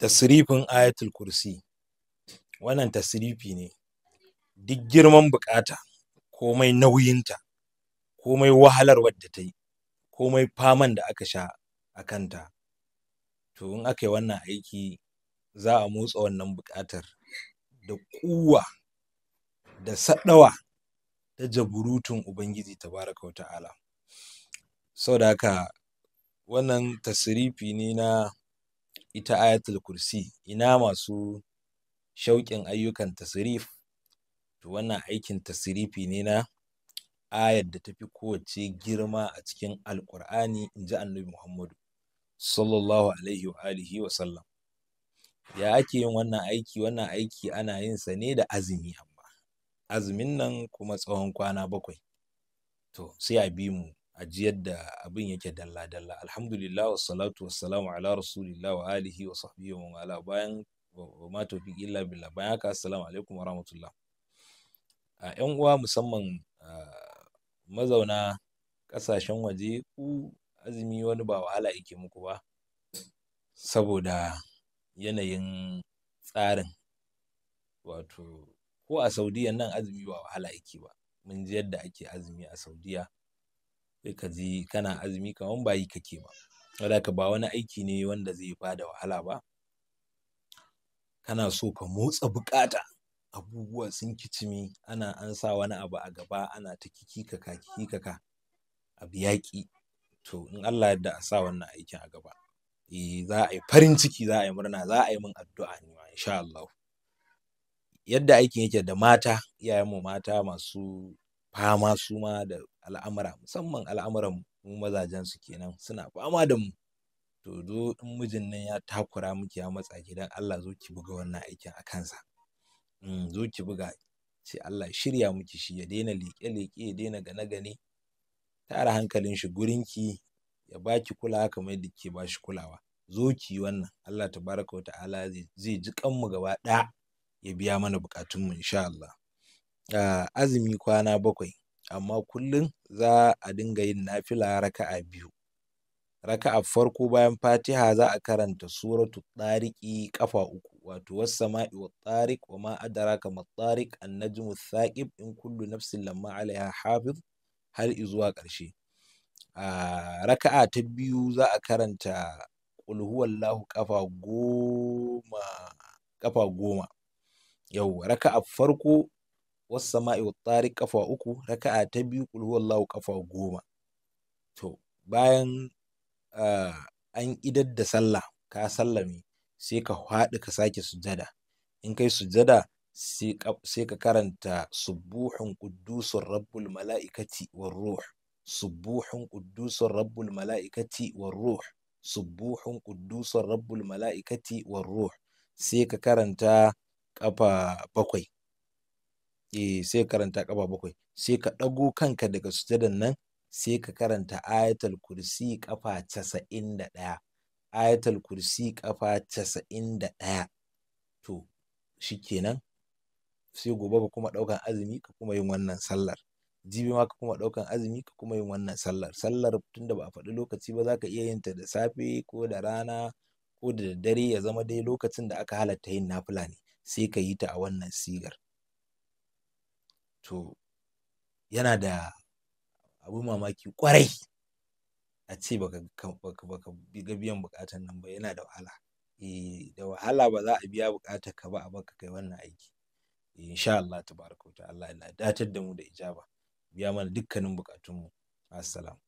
tasrifin ayatul kursi wannan tasrifi ne duk girman bukata komai nauyinta komai wahalar da ta yi komai faman da aka sha a kanta to in aka yi wannan aiki za a motsa wannan bukatar da kuwa da sadawa ta jaburutun ubangiji tabaraka wa ta'ala sau da haka wannan tasirifi ne na ita ayatul kursi ina masu shauƙin ayyukan tasrif to wannan aikin tasrifi ne na ayar da tafi kowace girma a cikin alƙur'ani inji annabi muhammadu sallallahu alaihi wa alihi wa sallam ya ake yin wannan aiki wannan aiki ana yin sa ne da azumi amma azumin nan kuma tsawon kwana bakwai to sai a bi mu ajiyar da abin yake dalla dalla alhamdulillah wassalatu wassalamu ala rasulillah wa alihi wa sahbihi wa ala bayan wa ma tawfiq illa billah bayan haka assalamu alaikum wa rahmatullah a yan uwa musamman mazauna kasashen waje ku azumi wani ba wahala yake muku ba saboda yanayin tsarin wato ko a saudiya nan azumi ba wahala yake ba mun ji yadda ake azumi a saudiya sai ka ji kana azumi kaman bayi yi kake ba saboda ka ba wani aiki ne wanda zai bada wahala ba kana so ka motsa bukata abubuwa sun kicimi ana an sa wani abu a gaba ana ta kikikaka kikikaka abu yaƙi to in Allah yadda a sa wannan aikin a gaba eh za a yi farin ciki za a yi murna za a yi min addu'a ne ma insha Allah yadda aikin yake da mata mu mata masu fama su ma da al'amura musamman al'amuran mu mazajen su kenan suna fama da mu to do in mijin nan ya takura miki ya matsa gidan Allah zo ki buga wannan aikin a kansa in mm, zo ki buga ce Allah shirya miki shi ya daina leke-leke, ya daina gane-gane tara hankalin shi gurin ki, ya baki kulawa kamar yadda ke shi kulawa zo ki wannan Allah tabaraka wa ta'ala zai ji kanmu gaba ɗaya ya biya mana bukatunmu insha Allah azumi kwana bakwai amma kullum za a dinga yin nafila raka'a biyu raka'ar farko bayan fatiha za a karanta suratu tariki ƙafa uku wato wassama'i wa tariq wa ma adraka ma an najmu thaqib in kullu nafsin lamma alaiha hafiz har izuwa ƙarshe a raka'a ta biyu za a karanta qul huwallahu kafa goma kafa goma yau raka'a farko wasu sama'i kafa uku raka'a ta biyu kul huwallahu kafa goma to bayan ah, an idar da sallah ka sallami, sai ka haɗu ka sake sujada in kai sujada sai ka karanta subuhun quddusun rabbul mala'ikati war ruh subuhun quddusun rabbul mala'ikati war ruh subuhun quddusun rabbul mala'ikati war ruh sai ka karanta kafa bakwai eh sai karanta kafa bakwai sai ka ɗago kanka daga sujadan nan sai ka karanta ayatul kursi kafa casa'in da ɗaya ayatul kursi kafa casa'in da ɗaya to shikenan sai gobe ka kuma ɗaukan azumi ka kuma yin wannan sallar jibi ma ka kuma ɗaukan azumi ka kuma yin wannan sallar sallar tunda ba a faɗi lokaci ba za ka iya yin ta da safe ko da rana ko da daddare ya zama dai lokacin da aka halatta yin nafila ne sai ka yi ta a wannan sigar to yana da abin mamaki kwarai a ce baka ga biyan bukatan nan ba yana da wahala eh da wahala ba za a biya bukatar ka ba a baka kai wannan aiki eh, insha Allah tabaraka wa Allah ya datar da mu da ijaba biya mana dukkanin bukatunmu assalamu